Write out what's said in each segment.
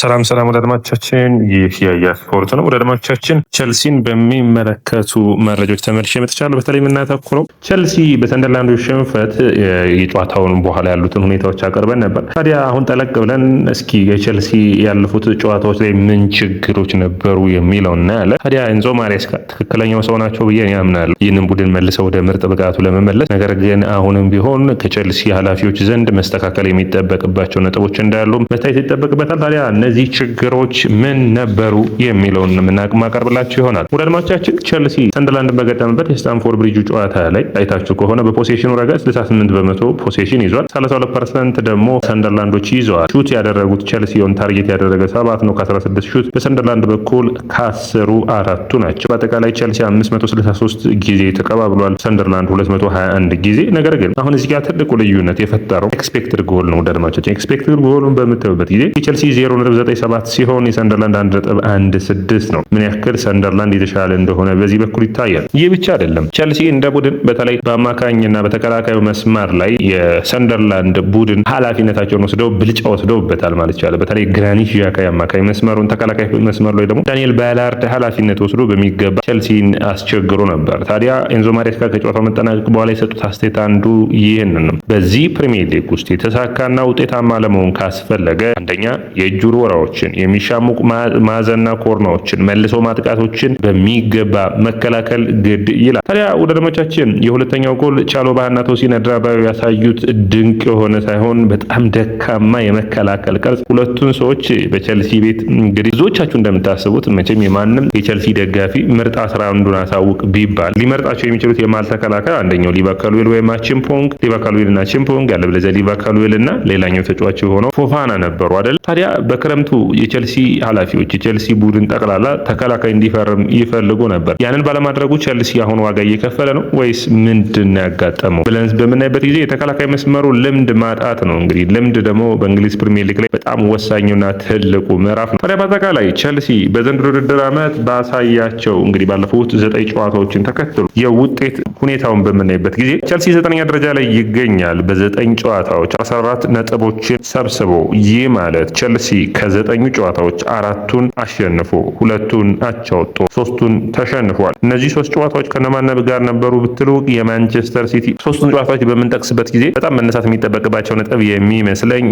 ሰላም ሰላም ወደ አድማጮቻችን፣ ይህ ያያ ስፖርት ነው። ወደ አድማጮቻችን ቸልሲን በሚመለከቱ መረጃዎች ተመልሼ መጥቻለሁ። በተለይ የምናተኩረው ቸልሲ በሰንደርላንዱ ሽንፈት የጨዋታውን በኋላ ያሉትን ሁኔታዎች አቅርበን ነበር። ታዲያ አሁን ጠለቅ ብለን እስኪ የቸልሲ ያለፉት ጨዋታዎች ላይ ምን ችግሮች ነበሩ የሚለው እናያለን። ታዲያ ኢንዞ ማሬስካ ትክክለኛው ሰው ናቸው ብዬ ያምናለሁ፣ ይህንን ቡድን መልሰው ወደ ምርጥ ብቃቱ ለመመለስ። ነገር ግን አሁንም ቢሆን ከቸልሲ ኃላፊዎች ዘንድ መስተካከል የሚጠበቅባቸው ነጥቦች እንዳሉ መታየት ይጠበቅበታል። ታዲያ እነዚህ ችግሮች ምን ነበሩ የሚለውን ማቅረብላችሁ ይሆናል። ወደ ቸልሲ ሰንደርላንድን በገጠምበት የስታንፎርድ ብሪጁ ጨዋታ ላይ አይታችሁ ከሆነ በፖሴሽኑ ረገድ 68 በመቶ ፖሴሽን ይዟል። 32 ፐርሰንት ደግሞ ሰንደርላንዶች ይዘዋል። ሹት ያደረጉት ቸልሲውን ታርጌት ያደረገ ሰባት ነው ከ16 ሹት በሰንደርላንድ በኩል ካስሩ አራቱ ናቸው። በአጠቃላይ ቸልሲ 563 ጊዜ ተቀባብሏል፣ ሰንደርላንድ 221 ጊዜ። ነገር ግን አሁን እዚህ ጋር ትልቁ ልዩነት የፈጠረው ኤክስፔክትድ ጎል ነው። ወደ ኤክስፔክትድ ጎሉን በምታዩበት ጊዜ የቸልሲ 0 ነጥብ 97 ሲሆን የሰንደርላንድ 1.16 ነው። ምን ያክል ሰንደርላንድ የተሻለ እንደሆነ በዚህ በኩል ይታያል። ይህ ብቻ አይደለም። ቸልሲ እንደ ቡድን በተለይ በአማካኝና በተከላካዩ መስመር ላይ የሰንደርላንድ ቡድን ኃላፊነታቸውን ወስደው ብልጫ ወስደውበታል ማለት ይቻላል። በተለይ ግራኒት ዣካ አማካኝ መስመሩን፣ ተከላካይ መስመር ላይ ደግሞ ዳንኤል ባላርድ ኃላፊነት ወስዶ በሚገባ ቸልሲን አስቸግሮ ነበር። ታዲያ ኤንዞ ማሬስካ ከጨዋታው መጠናቀቅ በኋላ የሰጡት አስተያየት አንዱ ይህንን ነው። በዚህ ፕሪሚየር ሊግ ውስጥ የተሳካና ውጤታማ ለመሆን ካስፈለገ አንደኛ የእጁ ኮራዎችን፣ የሚሻሙቅ ማዕዘንና ኮርናዎችን፣ መልሶ ማጥቃቶችን በሚገባ መከላከል ግድ ይላል። ታዲያ ወደ ደሞቻችን የሁለተኛው ጎል ቻሎባህና ቶሲን አድራባዊ ያሳዩት ድንቅ የሆነ ሳይሆን በጣም ደካማ የመከላከል ቅርጽ ሁለቱን ሰዎች በቸልሲ ቤት እንግዲህ ብዙዎቻችሁ እንደምታስቡት መቼም የማንም የቸልሲ ደጋፊ ምርጥ አስራ አንዱን አሳውቅ ቢባል ሊመርጣቸው የሚችሉት የማል ተከላከል አንደኛው ሊቫካሉዌል ወይም አቺምፖንግ ሊቫካሉዌልና አቺምፖንግ ሊቫካሉዌል ሊቫካሉዌልና ሌላኛው ተጫዋች የሆነው ፎፋና ነበሩ አደለ ታዲያ በክረ በክረምቱ የቸልሲ ኃላፊዎች የቼልሲ ቡድን ጠቅላላ ተከላካይ እንዲፈርም ይፈልጉ ነበር። ያንን ባለማድረጉ ቸልሲ አሁን ዋጋ እየከፈለ ነው ወይስ ምንድን ያጋጠመው ብለን በምናይበት ጊዜ የተከላካይ መስመሩ ልምድ ማጣት ነው። እንግዲህ ልምድ ደግሞ በእንግሊዝ ፕሪሚየር ሊግ ላይ በጣም ወሳኙና ትልቁ ምዕራፍ ነው። ታዲያ በአጠቃላይ ቸልሲ በዘንድሮ ውድድር ዓመት ባሳያቸው እንግዲህ ባለፉት ዘጠኝ ጨዋታዎችን ተከትሎ የውጤት ሁኔታውን በምናይበት ጊዜ ቸልሲ ዘጠነኛ ደረጃ ላይ ይገኛል። በዘጠኝ ጨዋታዎች 14 ነጥቦችን ሰብስቦ ይህ ማለት ቸልሲ ከዘጠኙ ጨዋታዎች አራቱን አሸንፎ ሁለቱን አቻወጦ ሶስቱን ተሸንፏል። እነዚህ ሶስት ጨዋታዎች ከነማነብ ጋር ነበሩ ብትሉ የማንቸስተር ሲቲ ሶስቱን ጨዋታዎች በምንጠቅስበት ጊዜ በጣም መነሳት የሚጠበቅባቸው ነጥብ የሚመስለኝ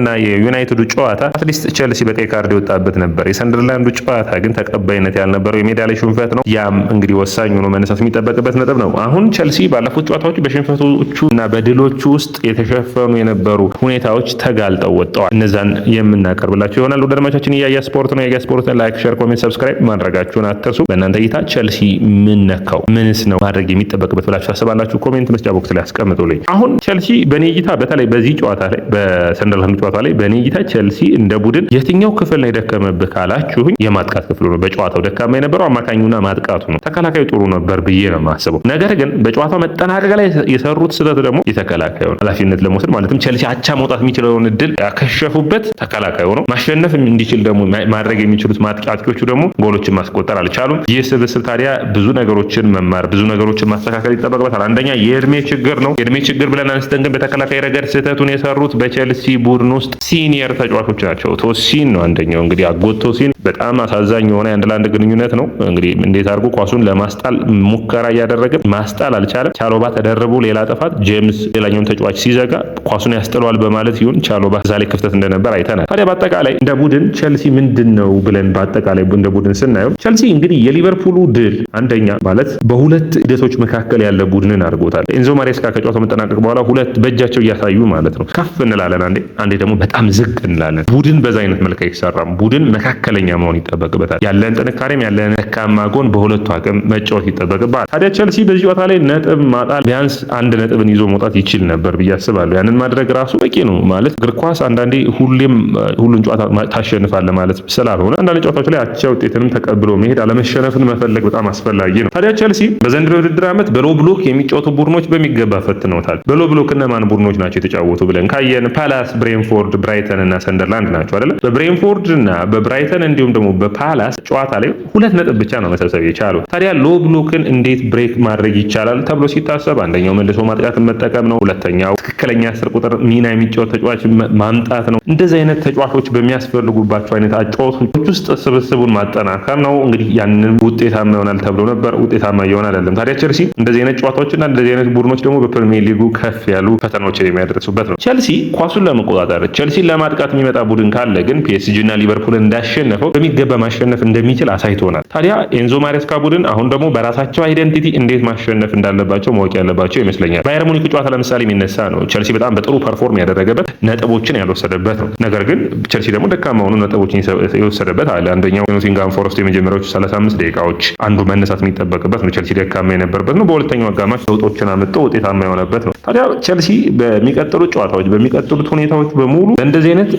እና የዩናይትዱ ጨዋታ አትሊስት ቸልሲ በቀይ ካርድ የወጣበት ነበር። የሰንደርላንዱ ጨዋታ ግን ተቀባይነት ያልነበረው የሜዳ ላይ ሽንፈት ነው። ያም እንግዲህ ወሳኝ ሆኖ መነሳት የሚጠበቅበት ነጥብ ነው። አሁን ቸልሲ ባለፉት ጨዋታዎች በሽንፈቶቹ እና በድሎቹ ውስጥ የተሸፈኑ የነበሩ ሁኔታዎች ተጋልጠው ወጥተዋል። እነዛን የምናቀርብላቸው ይሆናል። ወደ አድማጮቻችን እያየ ስፖርት ነው። የያያ ስፖርትን ላይክ፣ ሸር፣ ኮሜንት፣ ሰብስክራይብ ማድረጋችሁን አትርሱ። በእናንተ እይታ ቸልሲ ምን ነካው? ምንስ ነው ማድረግ የሚጠበቅበት ብላችሁ ታስባላችሁ? ኮሜንት መስጫ ቦክስ ላይ አስቀምጡልኝ። አሁን ቸልሲ በእኔ እይታ በተለይ በዚህ ጨዋታ ላይ በሰንደርላንድ ጨዋታ ላይ በእኔ እይታ ቸልሲ እንደ ቡድን የትኛው ክፍል ነው የደከመብህ ካላችሁኝ የማጥቃት ክፍሉ ነው። በጨዋታው ደካማ የነበረው አማካኙና ማጥቃቱ ነው። ተከላካዩ ጥሩ ነበር ብዬ ነው ማሰብ የማስበው። ነገር ግን በጨዋታው መጠናቀቅ ላይ የሰሩት ስህተት ደግሞ የተከላካዩ ኃላፊነት ለመውሰድ ማለትም ቸልሲ አቻ መውጣት የሚችለውን እድል ያከሸፉበት ተከላካዩ ነው። ማሸነፍ እንዲችል ደግሞ ማድረግ የሚችሉት ማጥቂ አጥቂዎቹ ደግሞ ጎሎችን ማስቆጠር አልቻሉም። ይህ ስብስብ ታዲያ ብዙ ነገሮችን መማር ብዙ ነገሮችን ማስተካከል ይጠበቅበታል። አንደኛ የእድሜ ችግር ነው። የእድሜ ችግር ብለን አንስተን ግን በተከላካይ ረገድ ስህተቱን የሰሩት በቸልሲ ቡድን ውስጥ ሲኒየር ተጫዋቾች ናቸው። ቶሲን ነው አንደኛው እንግዲህ አጎት ቶሲን በጣም አሳዛኝ የሆነ የአንድ ለአንድ ግንኙነት ነው እንግዲህ እንዴት አድርጎ ኳሱን ለማስጣል ሙከራ እያደረ አላደረገም፣ ማስጣል አልቻለም። ቻሎባ ተደርቦ ሌላ ጥፋት ጄምስ ሌላኛውን ተጫዋች ሲዘጋ ኳሱን ያስጥለዋል በማለት ይሁን ቻሎባ እዛ ላይ ክፍተት እንደነበር አይተናል። ታዲያ በአጠቃላይ እንደ ቡድን ቸልሲ ምንድን ነው ብለን በአጠቃላይ እንደ ቡድን ስናየው ቸልሲ እንግዲህ የሊቨርፑሉ ድል አንደኛ ማለት በሁለት ሂደቶች መካከል ያለ ቡድንን አድርጎታል። ኤንዞ ማሬስካ ከጨዋታው መጠናቀቅ በኋላ ሁለት በእጃቸው እያሳዩ ማለት ነው ከፍ እንላለን፣ አንዴ አንዴ ደግሞ በጣም ዝቅ እንላለን። ቡድን በዛ አይነት መልክ አይሰራም። ቡድን መካከለኛ መሆን ይጠበቅበታል። ያለን ጥንካሬም ያለን ደካማ ጎን በሁለቱ አቅም መጫወት ይጠበቅበታል ታዲያ ቸልሲ በዚህ ጨዋታ ላይ ነጥብ ማጣል ቢያንስ አንድ ነጥብን ይዞ መውጣት ይችል ነበር ብዬ አስባለሁ። ያንን ማድረግ ራሱ በቂ ነው ማለት እግር ኳስ አንዳንዴ ሁሌም ሁሉን ጨዋታ ታሸንፋለ ማለት ስላልሆነ አንዳንድ ጨዋታዎች ላይ አቻ ውጤትንም ተቀብሎ መሄድ አለመሸነፍን መፈለግ በጣም አስፈላጊ ነው። ታዲያ ቸልሲ በዘንድሮ የውድድር ዓመት በሎ ብሎክ የሚጫወቱ ቡድኖች በሚገባ ፈትነውታል። በሎ ብሎክ እነማን ቡድኖች ናቸው የተጫወቱ ብለን ካየን ፓላስ፣ ብሬንፎርድ፣ ብራይተን እና ሰንደርላንድ ናቸው አይደለ። በብሬንፎርድ እና በብራይተን እንዲሁም ደግሞ በፓላስ ጨዋታ ላይ ሁለት ነጥብ ብቻ ነው መሰብሰብ የቻሉ። ታዲያ ሎ ብሎክን እንዴት ብሬክ ማድረግ ይቻላል ተብሎ ሲታሰብ አንደኛው መልሶ ማጥቃትን መጠቀም ነው። ሁለተኛው ትክክለኛ አስር ቁጥር ሚና የሚጫወት ተጫዋች ማምጣት ነው። እንደዚህ አይነት ተጫዋቾች በሚያስፈልጉባቸው አይነት አጫወቶች ውስጥ ስብስቡን ማጠናከር ነው። እንግዲህ ያንን ውጤታማ ይሆናል ተብሎ ነበር። ውጤታማ እየሆነ አይደለም። ታዲያ ቸልሲ እንደዚህ አይነት ጨዋታዎችና እንደዚህ አይነት ቡድኖች ደግሞ በፕሪሚየር ሊጉ ከፍ ያሉ ፈተናዎችን የሚያደርሱበት ነው። ቸልሲ ኳሱን ለመቆጣጠር ቸልሲን ለማጥቃት የሚመጣ ቡድን ካለ ግን ፒኤስጂ እና ሊቨርፑል እንዳሸነፈው በሚገባ ማሸነፍ እንደሚችል አሳይቶናል። ታዲያ ኤንዞ ማሬስካ ቡድን አሁን ደግሞ በራሳቸው አይደንቲቲ እንዴት ማሸነፍ እንዳለባቸው ማወቅ ያለባቸው ይመስለኛል። ባየር ሙኒክ ጨዋታ ለምሳሌ የሚነሳ ነው። ቸልሲ በጣም በጥሩ ፐርፎርም ያደረገበት ነጥቦችን ያልወሰደበት ነው። ነገር ግን ቸልሲ ደግሞ ደካማ ሆኑ ነጥቦችን የወሰደበት አለ። አንደኛው ኖቲንግሃም ፎረስት የመጀመሪያዎቹ 35 ደቂቃዎች አንዱ መነሳት የሚጠበቅበት ነው። ቸልሲ ደካማ የነበረበት ነው። በሁለተኛው አጋማሽ ለውጦችን አምጥቶ ውጤታማ የሆነበት ነው። ታዲያ ቸልሲ በሚቀጥሉት ጨዋታዎች በሚቀጥሉት ሁኔታዎች በሙሉ ለእንደዚህ አይነት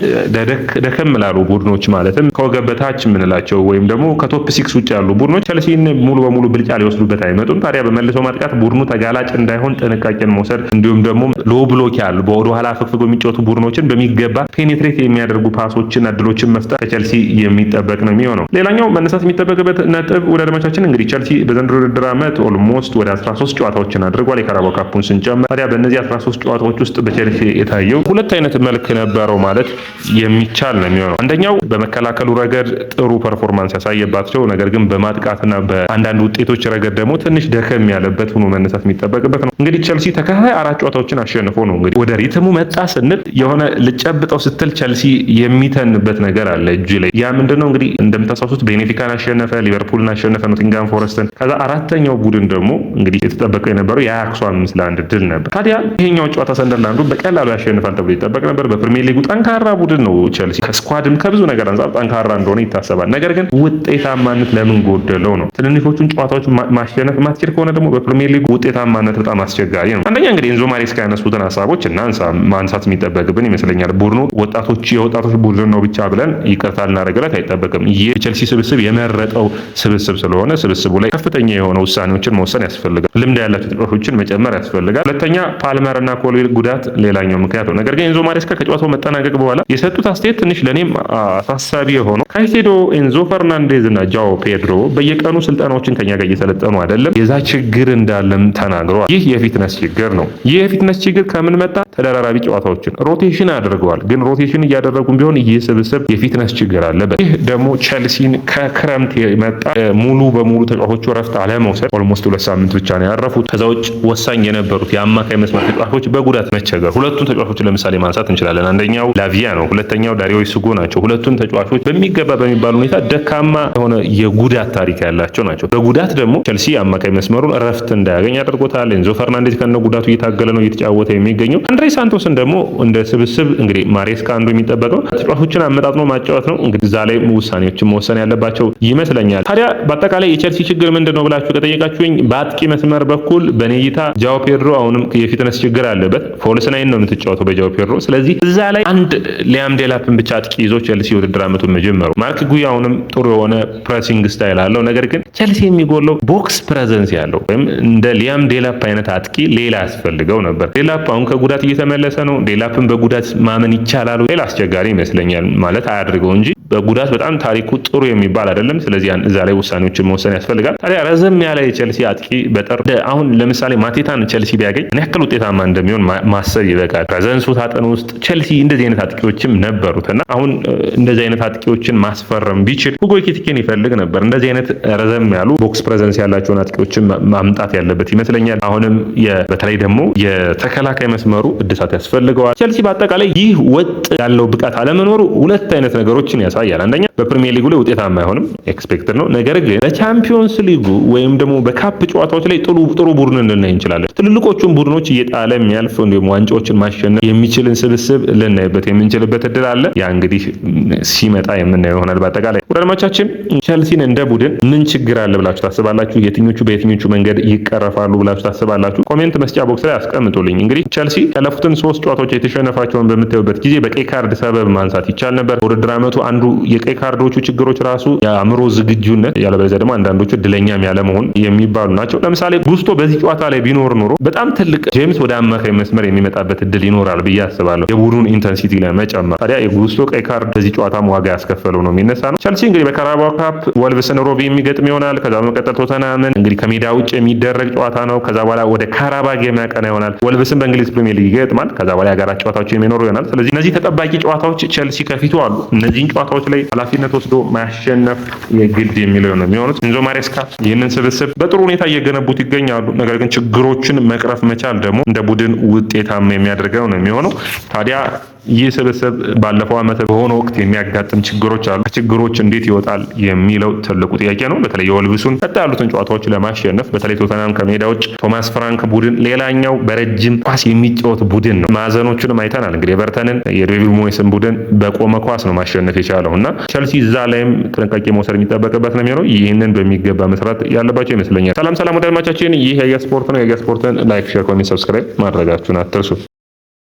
ደከም ላሉ ቡድኖች ማለትም ከወገብ በታች የምንላቸው ወይም ደግሞ ከቶፕ ሲክስ ውጭ ያሉ ቡድኖች ቸልሲን ሙሉ በሙሉ ብልጫ ሊወስዱበት አይመጡም። ታዲያ መከላከያ በመልሶ ማጥቃት ቡድኑ ተጋላጭ እንዳይሆን ጥንቃቄን መውሰድ እንዲሁም ደግሞ ሎ ብሎክ ያሉ በወደ ኋላ ፍግፍግ የሚጫወቱ ቡድኖችን በሚገባ ፔኔትሬት የሚያደርጉ ፓሶችን እድሎችን መፍጠር ከቸልሲ የሚጠበቅ ነው የሚሆነው። ሌላኛው መነሳት የሚጠበቅበት ነጥብ ወደ አድማቻችን እንግዲህ ቸልሲ በዘንድሮ ውድድር ዓመት ኦልሞስት ወደ 13 ጨዋታዎችን አድርጓል የካራባኦ ካፑን ስንጨምር። ታዲያ በእነዚህ 13 ጨዋታዎች ውስጥ በቸልሲ የታየው ሁለት አይነት መልክ ነበረው ማለት የሚቻል ነው የሚሆነው። አንደኛው በመከላከሉ ረገድ ጥሩ ፐርፎርማንስ ያሳየባቸው ነገር ግን በማጥቃትና በአንዳንድ ውጤቶች ረገድ ደግሞ ትንሽ ደከም ያለበት ሆኖ መነሳት የሚጠበቅበት ነው። እንግዲህ ቸልሲ ተከታታይ አራት ጨዋታዎችን አሸንፎ ነው እንግዲህ ወደ ሪትሙ መጣ ስንል የሆነ ልጨብጠው ስትል ቸልሲ የሚተንበት ነገር አለ እጅ ላይ ያ ምንድነው እንግዲህ እንደምታስታውሱት ቤኔፊካን አሸነፈ፣ ሊቨርፑልን አሸነፈ፣ ኖቲንጋም ፎረስትን። ከዛ አራተኛው ቡድን ደግሞ እንግዲህ የተጠበቀው የነበረው የአያክሱ አምስት ለአንድ ድል ነበር። ታዲያ ይሄኛው ጨዋታ ሰንደርላንዱ በቀላሉ ያሸንፋል ተብሎ ይጠበቅ ነበር። በፕሪሚየር ሊጉ ጠንካራ ቡድን ነው ቸልሲ ከስኳድም ከብዙ ነገር አንጻር ጠንካራ እንደሆነ ይታሰባል። ነገር ግን ውጤታማነት ለምን ጎደለው ነው ትንንሾቹን ጨዋታዎች ማሸነፍ ማትችል የሚሄድ ከሆነ ደግሞ በፕሪሚየር ሊግ ውጤታማነት በጣም አስቸጋሪ ነው። አንደኛ እንግዲህ ኤንዞ ማሬስካ ያነሱትን ሀሳቦች እናንሳ ማንሳት የሚጠበቅብን ይመስለኛል። ቡድኑ ወጣቶች የወጣቶች ቡድን ነው ብቻ ብለን ይቅርታ ልናደርግለት አይጠበቅም። ይህ የቼልሲ ስብስብ የመረጠው ስብስብ ስለሆነ ስብስቡ ላይ ከፍተኛ የሆነ ውሳኔዎችን መወሰን ያስፈልጋል። ልምድ ያላቸው ተጫዋቾችን መጨመር ያስፈልጋል። ሁለተኛ ፓልመር እና ኮልዊል ጉዳት ሌላኛው ምክንያት ነው። ነገር ግን ኤንዞ ማሬስካ ከጨዋታው መጠናቀቅ በኋላ የሰጡት አስተያየት ትንሽ ለእኔም አሳሳቢ የሆነው ካይሴዶ፣ ኤንዞ ፈርናንዴዝ እና ጃኦ ፔድሮ በየቀኑ ስልጠናዎችን ከኛ ጋር እየሰለጠኑ አይደለም የዛ ችግር እንዳለም ተናግረዋል። ይህ የፊትነስ ችግር ነው። ይህ የፊትነስ ችግር ከምን መጣ? ተደራራቢ ጨዋታዎችን ሮቴሽን አድርገዋል። ግን ሮቴሽን እያደረጉም ቢሆን ይህ ስብስብ የፊትነስ ችግር አለበት። ይህ ደግሞ ቸልሲን ከክረምት የመጣ ሙሉ በሙሉ ተጫዋቾቹ እረፍት አለመውሰድ ኦልሞስት ሁለት ሳምንት ብቻ ነው ያረፉት። ከዛ ውጭ ወሳኝ የነበሩት የአማካይ መስመር ተጫዋቾች በጉዳት መቸገር። ሁለቱን ተጫዋቾች ለምሳሌ ማንሳት እንችላለን። አንደኛው ላቪያ ነው፣ ሁለተኛው ዳሪዮ ሱጎ ናቸው። ሁለቱን ተጫዋቾች በሚገባ በሚባል ሁኔታ ደካማ የሆነ የጉዳት ታሪክ ያላቸው ናቸው። በጉዳት ደግሞ ቸልሲ የአማካይ መስመር መስመሩን እረፍት እንዳያገኝ አድርጎታል። ኤንዞ ፈርናንዴዝ ከነ ጉዳቱ እየታገለ ነው እየተጫወተ የሚገኘው። አንድሬ ሳንቶስን ደግሞ እንደ ስብስብ እንግዲህ ማሬስካ አንዱ የሚጠበቀው ተጫዋቾችን አመጣጥኖ ማጫወት ነው። እንግዲህ እዛ ላይ ውሳኔዎችን መወሰን ያለባቸው ይመስለኛል። ታዲያ በአጠቃላይ የቸልሲ ችግር ምንድን ነው ብላችሁ ከጠየቃችሁኝ በአጥቂ መስመር በኩል በኔ እይታ ጃው ፔድሮ አሁንም የፊትነስ ችግር አለበት። ፎልስ ናይን ነው የምትጫወተው በጃው ፔድሮ። ስለዚህ እዛ ላይ አንድ ሊያም ዴላፕን ብቻ አጥቂ ይዞ ቸልሲ ውድድር አመቱ መጀመሩ። ማርክ ጉይ አሁንም ጥሩ የሆነ ፕሬሲንግ ስታይል አለው። ነገር ግን ቸልሲ የሚጎለው ቦክስ ፕሬዘንስ ያለው ወይም እንደ ሊያም ዴላፕ አይነት አጥቂ ሌላ ያስፈልገው ነበር። ዴላፕ አሁን ከጉዳት እየተመለሰ ነው። ዴላፕን በጉዳት ማመን ይቻላል? ሌላ አስቸጋሪ ይመስለኛል። ማለት አያድርገው እንጂ በጉዳት በጣም ታሪኩ ጥሩ የሚባል አይደለም። ስለዚህ እዛ ላይ ውሳኔዎችን መወሰን ያስፈልጋል። ታዲያ ረዘም ያለ የቸልሲ አጥቂ በጠር አሁን ለምሳሌ ማቴታን ቸልሲ ቢያገኝ ምን ያክል ውጤታማ እንደሚሆን ማሰብ ይበቃል። ረዘንሱ ታጠን ውስጥ ቸልሲ እንደዚህ አይነት አጥቂዎችም ነበሩት እና አሁን እንደዚህ አይነት አጥቂዎችን ማስፈረም ቢችል ሁጎ ኤኪቲኬን ይፈልግ ነበር። እንደዚህ አይነት ረዘም ያሉ ቦክስ ፕሬዘንስ ያላቸውን አጥቂዎችን ማምጣት ያለበት ይመስለኛል። አሁንም በተለይ ደግሞ የተከላካይ መስመሩ እድሳት ያስፈልገዋል። ቸልሲ በአጠቃላይ ይህ ወጥ ያለው ብቃት አለመኖሩ ሁለት አይነት ነገሮችን ያሳያል። አንደኛ በፕሪሚየር ሊጉ ላይ ውጤታማ አይሆንም፣ ኤክስፔክትድ ነው። ነገር ግን በቻምፒዮንስ ሊጉ ወይም ደግሞ በካፕ ጨዋታዎች ላይ ጥሩ ቡድን ልናይ እንችላለን። ትልልቆቹን ቡድኖች እየጣለ የሚያልፍ እንዲሁም ዋንጫዎችን ማሸነፍ የሚችልን ስብስብ ልናይበት የምንችልበት እድል አለ። ያ እንግዲህ ሲመጣ የምናየው ይሆናል። በአጠቃላይ ወደ አድማቻችን ቸልሲን እንደ ቡድን ምን ችግር አለ ብላችሁ ታስባላችሁ? የትኞቹ በየትኞቹ በትክክለኞቹ መንገድ ይቀረፋሉ ብላችሁ ታስባላችሁ? ኮሜንት መስጫ ቦክስ ላይ አስቀምጡልኝ። እንግዲህ ቸልሲ ያለፉትን ሶስት ጨዋታዎች የተሸነፋቸውን በምታዩበት ጊዜ በቀይ ካርድ ሰበብ ማንሳት ይቻል ነበር። ውድድር አመቱ አንዱ የቀይ ካርዶቹ ችግሮች ራሱ የአእምሮ ዝግጁነት፣ ያለበለዚያ ደግሞ አንዳንዶቹ እድለኛም ያለመሆን የሚባሉ ናቸው። ለምሳሌ ጉስቶ በዚህ ጨዋታ ላይ ቢኖር ኖሮ በጣም ትልቅ ጄምስ ወደ አማካይ መስመር የሚመጣበት እድል ይኖራል ብዬ አስባለሁ። የቡድኑን ኢንተንሲቲ ለመጨመር ታዲያ የጉስቶ ቀይ ካርድ በዚህ ጨዋታም ዋጋ ያስከፈለው ነው የሚነሳ ነው። ቸልሲ እንግዲህ በካራባው ካፕ ወልቭስን ሮቢ የሚገጥም ይሆናል። ከዛ በመቀጠል ቶተናምን እንግዲህ ከሜዳ ውጭ የሚደረግ ጨዋታ ነው። ከዛ በኋላ ወደ ካራባግ የሚያቀና ይሆናል። ወልብስም በእንግሊዝ ፕሪሚየር ሊግ ይገጥማል። ከዛ በኋላ የሀገራት ጨዋታዎች የሚኖሩ ይሆናል። ስለዚህ እነዚህ ተጠባቂ ጨዋታዎች ቸልሲ ከፊቱ አሉ። እነዚህን ጨዋታዎች ላይ ኃላፊነት ወስዶ ማሸነፍ የግድ የሚለው ነው የሚሆኑት። ኢንዞ ማሬስካ ይህንን ስብስብ በጥሩ ሁኔታ እየገነቡት ይገኛሉ። ነገር ግን ችግሮችን መቅረፍ መቻል ደግሞ እንደ ቡድን ውጤታማ የሚያደርገው ነው የሚሆነው ታዲያ ይህ ስብስብ ባለፈው ዓመት በሆነ ወቅት የሚያጋጥም ችግሮች አሉ። ከችግሮች እንዴት ይወጣል የሚለው ትልቁ ጥያቄ ነው። በተለይ የወልብሱን ቀጣ ያሉትን ጨዋታዎች ለማሸነፍ በተለይ ቶተናም ከሜዳ ውጭ ቶማስ ፍራንክ ቡድን ሌላኛው በረጅም ኳስ የሚጫወት ቡድን ነው። ማዕዘኖቹንም አይተናል። እንግዲህ የበርተንን የዴቪድ ሞይስን ቡድን በቆመ ኳስ ነው ማሸነፍ የቻለው እና ቸልሲ እዛ ላይም ጥንቃቄ መውሰድ የሚጠበቅበት ነው የሚሆነው። ይህንን በሚገባ መስራት ያለባቸው ይመስለኛል። ሰላም ሰላም ወዳጆቻችን፣ ይህ የየስፖርት ስፖርት ነው። የየስፖርትን ላይክ፣ ሼር፣ ኮሜንት፣ ሰብስክራይብ ማድረጋችሁን አትርሱ።